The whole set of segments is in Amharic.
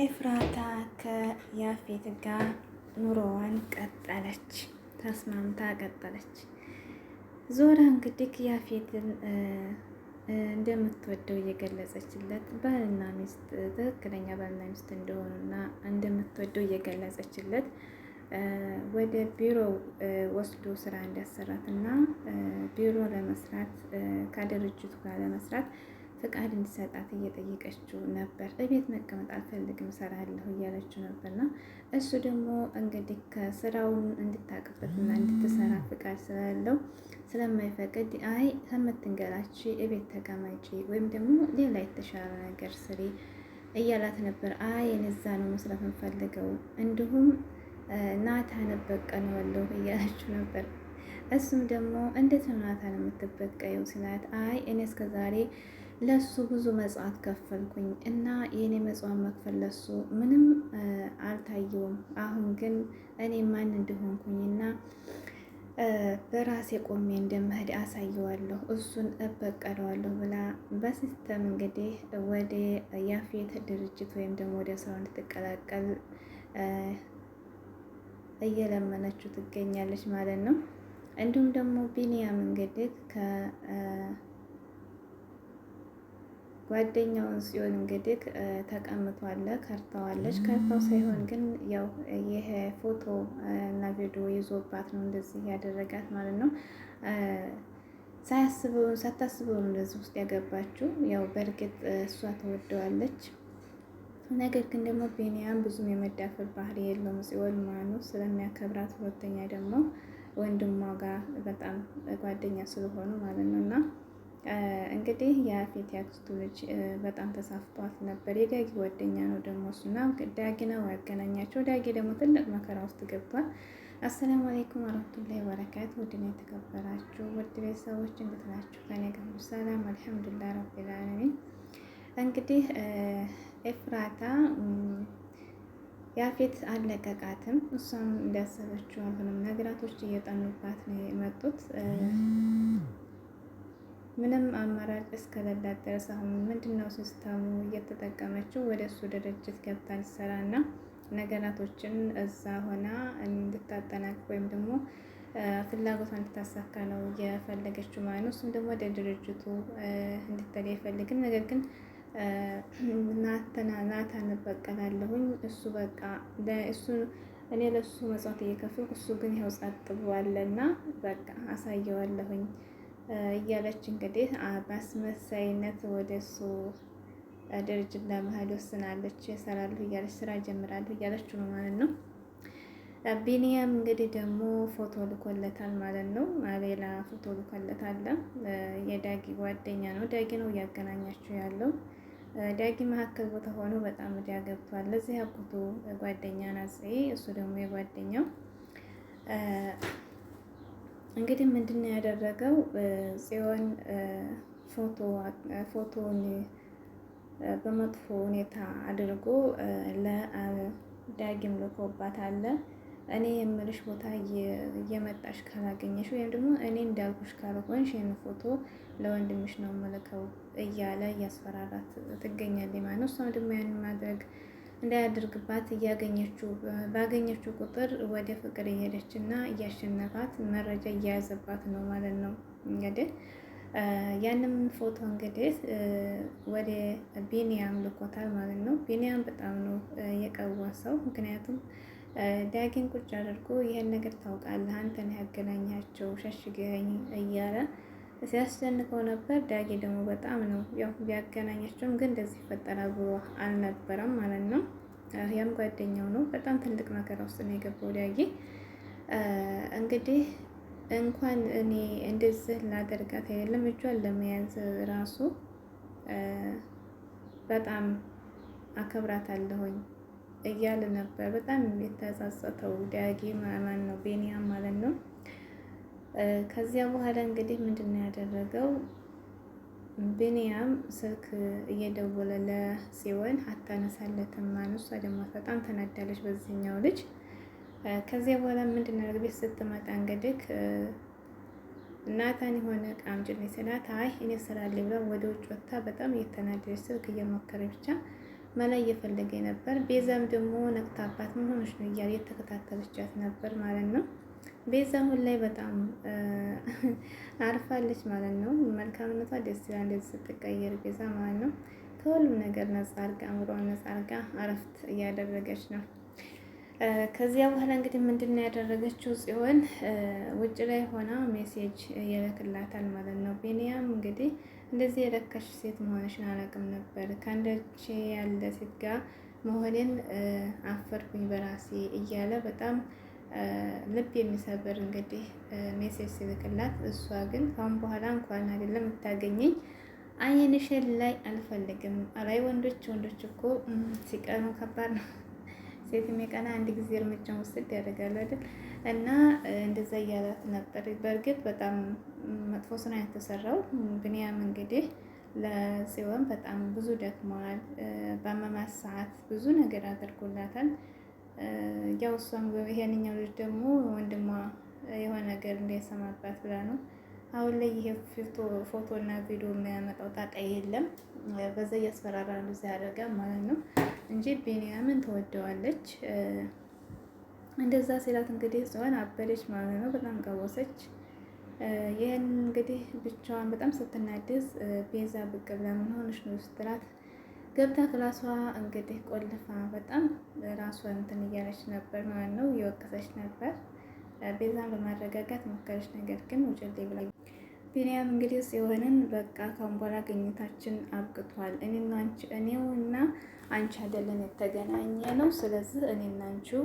ኤፍራታ ከያፌት ጋር ኑሮዋን ቀጠለች፣ ተስማምታ ቀጠለች። ዞራ እንግዲህ ያፌትን እንደምትወደው እየገለጸችለት ባልና ሚስት ትክክለኛ ባልና ሚስት እንደሆኑና እንደምትወደው እየገለጸችለት ወደ ቢሮ ወስዶ ስራ እንዳሰራት እና ቢሮ ለመስራት ከድርጅቱ ጋር ለመስራት ፍቃድ እንዲሰጣት እየጠየቀችው ነበር። እቤት መቀመጥ አልፈልግም እሰራለሁ እያለችው ነበርና እሱ ደግሞ እንግዲህ ከስራውን እንድታቅበትና እንድትሰራ ፍቃድ ስላለው ስለማይፈቅድ አይ ከምትንገላች እቤት ተቀመጪ ወይም ደግሞ ሌላ የተሻለ ነገር ስሪ እያላት ነበር። አይ የነዛ ነው መስራት የምፈልገው እንዲሁም ናታን እበቀለዋለሁ እያለችው ነበር። እሱም ደግሞ እንዴት ነው ናታን የምትበቀየው ሲላት አይ እኔ እስከዛሬ ለሱ ብዙ መጽዋት ከፈልኩኝ እና የእኔ መጽዋት መክፈል ለሱ ምንም አልታየውም። አሁን ግን እኔ ማን እና በራሴ ቆሜ እንደምሄድ አሳየዋለሁ፣ እሱን እበቀለዋለሁ ብላ በሲስተም እንግዲህ ወደ ያፌት ድርጅት ወይም ደግሞ ወደ ሰው እንድትቀላቀል እየለመነችው ትገኛለች ማለት ነው። እንዲሁም ደግሞ ቢኒያም እንግዲህ ጓደኛውን ጽዮን እንግዲህ ተቀምጧለ ከርታዋለች። ከርታው ሳይሆን ግን ያው ይሄ ፎቶ እና ቪዲዮ ይዞባት ነው እንደዚህ ያደረጋት ማለት ነው። ሳያስበው ሳታስበው እንደዚህ ውስጥ ያገባችው ያው በእርግጥ እሷ ተወደዋለች። ነገር ግን ደግሞ ቢኒያም ብዙም የመዳፈር ባህሪ የለውም ጽዮን ማኑ ስለሚያከብራት፣ ሁለተኛ ደግሞ ወንድሟ ጋር በጣም ጓደኛ ስለሆኑ ማለት ነው እና እንግዲህ የአፌት ያክስቱ ልጅ በጣም ተሳፍቷት ነበር። የዳጊ ጓደኛ ነው ደግሞ እሱና ዳጊ ነው ያገናኛቸው። ዳጊ ደግሞ ትልቅ መከራ ውስጥ ገብቷል። አሰላሙ አሌይኩም ወረህመቱላሂ ወበረካቱ። ውድና የተከበራችሁ ውድ ቤተሰቦች እንዴት ናችሁ? ከኔ ጋር ሰላም አልሐምዱሊላህ ረቢል ዓለሚን። እንግዲህ ኤፍራታ የአፌት አለቀቃትም። እሷም እንዳሰበችው አሁንም ነገራቶች እየጠኑባት ነው የመጡት ምንም አማራጭ እስከሌላት ድረስ አሁን ምንድነው ሲስተሙ እየተጠቀመችው ወደ እሱ ድርጅት ገብታ ሊሰራ ልትሰራና ነገራቶችን እዛ ሆና እንድታጠናቅ ወይም ደግሞ ፍላጎቷን እንድታሳካ ነው የፈለገችው ማለት ነው። እሱም ደግሞ ወደ ድርጅቱ እንድትሄድ አይፈልግም። ነገር ግን ናታን እበቀላለሁኝ እሱ በቃ እሱ እኔ ለእሱ መጽዋት እየከፈልኩ እሱ ግን ይኸው ጸጥ ብሏልና በቃ አሳየዋለሁኝ እያለች እንግዲህ በአስመሳይነት ወደ እሱ ድርጅት ለመሄድ ወስናለች። እሰራለሁ እያለች ስራ ጀምራለሁ እያለች ነው ማለት ነው። ቢኒያም እንግዲህ ደግሞ ፎቶ ልኮለታል ማለት ነው። ሌላ ፎቶ ልኮለታል። የዳጊ ጓደኛ ነው። ዳጊ ነው እያገናኛቸው ያለው። ዳጊ መካከል ቦታ ሆኖ በጣም ወዲያ ገብቷል። ለዚህ አጉቱ ጓደኛ ናጽ፣ እሱ ደግሞ የጓደኛው እንግዲህ ምንድን ነው ያደረገው ጽዮን ፎቶን በመጥፎ ሁኔታ አድርጎ ለዳግም ልኮባት አለ። እኔ የምልሽ ቦታ እየመጣሽ ካላገኘሽ ወይም ደግሞ እኔ እንዳልኩሽ ካልሆንሽ ይህን ፎቶ ለወንድምሽ ነው መልከው እያለ እያስፈራራት ትገኛለች ማለት ነው። እሷም ደግሞ ያንን ማድረግ እንዳያደርግባት እያገኘችው ባገኘችው ቁጥር ወደ ፍቅር እየሄደች እና እያሸነፋት መረጃ እየያዘባት ነው ማለት ነው። እንግዲህ ያንም ፎቶ እንግዲህ ወደ ቢኒያም ልኮታል ማለት ነው። ቢኒያም በጣም ነው ሰው ምክንያቱም ዳግን ቁጭ አድርጎ ይህን ነገር ታውቃለህ፣ አንተን ያገናኛቸው ሸሽገኝ እያለ ሲያስደንቀው ነበር። ዳጌ ደግሞ በጣም ነው ያው ቢያገናኛቸውም ግን እንደዚህ ፈጠራ ብሎ አልነበረም ማለት ነው። ያም ጓደኛው ነው። በጣም ትልቅ መከራ ውስጥ ነው የገባው ዳጌ እንግዲህ እንኳን እኔ እንደዚህ ላደርጋት አይደለም እጇን ለመያዝ ራሱ በጣም አከብራታለሁኝ እያለ ነበር። በጣም የተጸጸተው ዳጌ ማን ነው ቤኒያም ማለት ነው። ከዚያ በኋላ እንግዲህ ምንድን ነው ያደረገው? ብንያም ስልክ እየደወለ ለጽዮን አታነሳለትም ማን። እሷ ደግሞ በጣም ተናዳለች በዚህኛው ልጅ። ከዚያ በኋላ ምንድን ነው ቤት ስትመጣ እንግዲህ ናታን የሆነ ቃምጭ አምጪልኝ ስላት አይ እኔ ስራ አለኝ ብላ ወደ ውጭ ወጥታ በጣም እየተናደደች ስልክ እየሞከረ ብቻ መላ እየፈለገ ነበር። ቤዛም ደግሞ ነቅታባት መሆንሽ ነው እያለ የተከታተለቻት ነበር ማለት ነው። ቤዛ አሁን ላይ በጣም አርፋለች ማለት ነው። መልካምነቷ ደስ ይላል ስትቀየር ቤዛ ማለት ነው። ከሁሉም ነገር ነጻ አርጋ አእምሮዋን ነጻ አርጋ አረፍት እያደረገች ነው። ከዚያ በኋላ እንግዲህ ምንድን ነው ያደረገችው? ጽዮን ውጭ ላይ ሆና ሜሴጅ ይልክላታል ማለት ነው። ቢኒያም እንግዲህ እንደዚህ የለከሽ ሴት መሆንሽን አላውቅም ነበር ከአንዳች ያለ ሴት ጋር መሆኔን አፈርኩኝ በራሴ እያለ በጣም ልብ የሚሰብር እንግዲህ ሜሴጅ ሲልክላት፣ እሷ ግን ካሁን በኋላ እንኳን አይደለም የምታገኘኝ አይንሽን ላይ አልፈልግም። አራይ ወንዶች ወንዶች እኮ ሲቀኑ ከባድ ነው። ሴትም የቀና አንድ ጊዜ እርምጃ ውስድ ያደርጋል አይደል? እና እንደዛ እያላት ነበር። በእርግጥ በጣም መጥፎ ስራ የተሰራው ብንያም እንግዲህ ለጽዮን በጣም ብዙ ደክመዋል። በአመማት ሰዓት ብዙ ነገር አድርጎላታል። ያው እሷም ይሄንኛው ልጅ ደግሞ ወንድሟ የሆነ ነገር እንዳይሰማባት ብላ ነው። አሁን ላይ ይሄ ፎቶ እና ቪዲዮ የሚያመጣው ጣጣ የለም። በዛ እያስፈራራ ነው እዚህ አደርጋ ማለት ነው እንጂ ቤንያምን ተወደዋለች። እንደዛ ሲላት እንግዲህ ሲሆን አበደች ማለት ነው። በጣም ቀወሰች። ይህን እንግዲህ ብቻዋን በጣም ስትናደዝ ቤዛ ብቅ ብላ ምን ሆነሽ ነው ስትላት ገብታ ክላሷ እንግዲህ ቆልፋ በጣም ራሷ እንትን እያለች ነበር ማለት ነው፣ እየወቀሰች ነበር። ቤዛን በማረጋጋት ሞከረች፣ ነገር ግን ውጭል ብላ ቢንያም እንግዲህ ጽዮንን በቃ ካሁን በኋላ አብቅቷል። እኔው እና አንቺ አይደለን የተገናኘ ነው። ስለዚህ እኔና አንቺው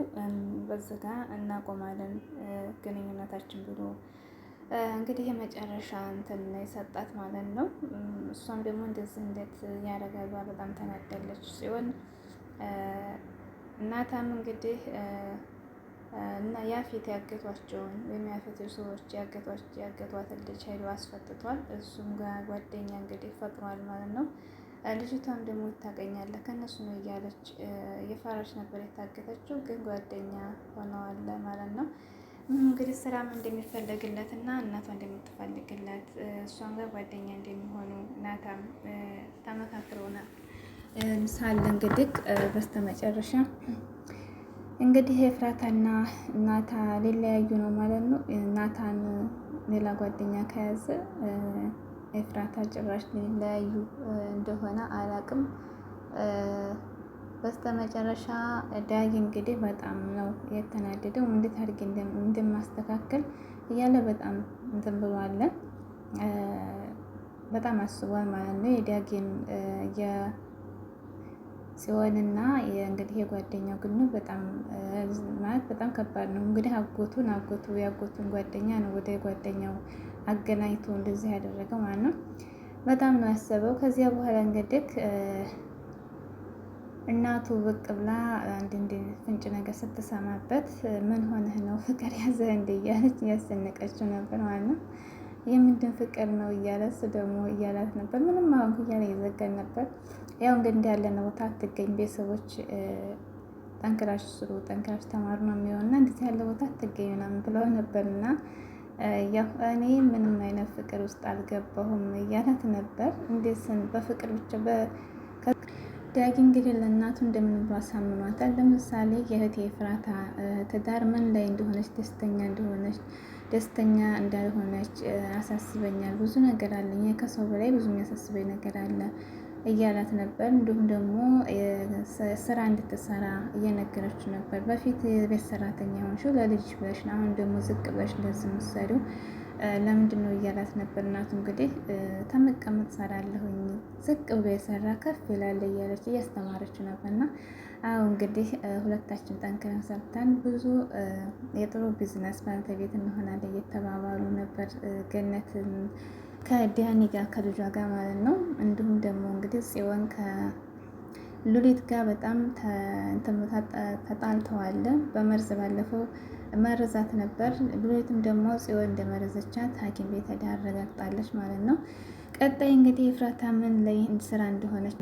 በዚህ ጋ እናቆማለን ግንኙነታችን ብሎ እንግዲህ የመጨረሻ እንትን የሰጣት ማለት ነው። እሷም ደግሞ እንደዚህ እንዴት ያደረጋል በጣም ተናደለች ሲሆን እናታም እንግዲህ እና ያፌት ያገቷቸውን ወይም ያፌት ሰዎች ያገቷትን ልጅ ሄዶ አስፈጥቷል። እሱም ጋር ጓደኛ እንግዲህ ፈጥሯል ማለት ነው። ልጅቷም ደግሞ ይታገኛለ ከእነሱ ነው እያለች የፈራች ነበር የታገተችው፣ ግን ጓደኛ ሆነዋል ማለት ነው። እንግዲህ ስራም እንደሚፈለግለት እና እናቷ እንደምትፈልግለት እሷም ጋር ጓደኛ እንደሚሆኑ ናታም ተመካክረውና ሳለ እንግዲህ በስተመጨረሻ እንግዲህ ኤፍራታና ናታ ሊለያዩ ነው ማለት ነው። ናታን ሌላ ጓደኛ ከያዘ ኤፍራታ ጭራሽ ሊለያዩ እንደሆነ አላቅም። በስተመጨረሻ ዳጊ እንግዲህ በጣም ነው የተናደደው። እንዴት አድርጌ እንደማስተካከል እያለ በጣም እንትን ብሏል። በጣም አስቧል ማለት ነው። የዳጊን የጽዮንና እንግዲህ የጓደኛው ግን በጣም ማለት በጣም ከባድ ነው። እንግዲህ አጎቱን አጎቱ የአጎቱን ጓደኛ ነው ወደ ጓደኛው አገናኝቶ እንደዚህ ያደረገው ማለት ነው። በጣም ነው ያሰበው። ከዚያ በኋላ እንግዲህ እናቱ ብቅ ብላ አንድ እንደ ፍንጭ ነገር ስትሰማበት ምን ሆነህ ነው ፍቅር ያዘ እንደ እያለች እያስጨነቀችው ነበር ማለት ነው። የምንድን ፍቅር ነው እያለ እሱ ደግሞ እያላት ነበር። ምንም አሁን እያለ ይዘጋል ነበር። ያው እንግዲህ እንዳለ ነው ቦታ አትገኝ፣ ቤተሰቦች ጠንክራሽ ስሩ፣ ጠንክራሽ ተማሩ ነው የሚሆንና እንደዚህ ያለ ቦታ አትገኝ ምናምን ብለው ነበርና ያው እኔ ምንም አይነት ፍቅር ውስጥ አልገባሁም እያላት ነበር። እንዴት በፍቅር ብቻ ዳጊ እንግዲህ ለእናቱ እንደምን ብሎ ለምሳሌ የእህቴ የፍራታ ትዳር ምን ላይ እንደሆነች ደስተኛ እንደሆነች ደስተኛ እንዳልሆነች አሳስበኛል፣ ብዙ ነገር አለኝ፣ ከሰው በላይ ብዙ የሚያሳስበኝ ነገር አለ እያላት ነበር። እንዲሁም ደግሞ ስራ እንድትሰራ እየነገረች ነበር። በፊት ቤት ሰራተኛ ሆንሽ ለልጅ ብለሽ፣ አሁን ደግሞ ዝቅ ብለሽ ለዚህ ምሳሌው ለምንድን ነው እያላት ነበር። እናቱ እንግዲህ ተመቀመጥ ሰራለሁኝ ዝቅ ብሎ የሰራ ከፍ ይላል እያለች እያስተማረች ነበር። አሁ እንግዲህ ሁለታችን ጠንክረን ሰርተን ብዙ የጥሩ ቢዝነስ ባለቤት እንሆናለን እየተባባሉ ነበር ገነትን ከዲያኒ ጋር ከልጇ ጋር ማለት ነው። እንዲሁም ደግሞ እንግዲህ ጽዮን ሉሊት ጋር በጣም ተጣልተዋል። በመርዝ ባለፈው መርዛት ነበር። ሉሊትም ደግሞ ጽዮን እንደመረዘቻት ሐኪም ቤት ሄዳ አረጋግጣለች ማለት ነው። ቀጣይ እንግዲህ ኤፍራታ ምን ላይ እንስራ እንደሆነች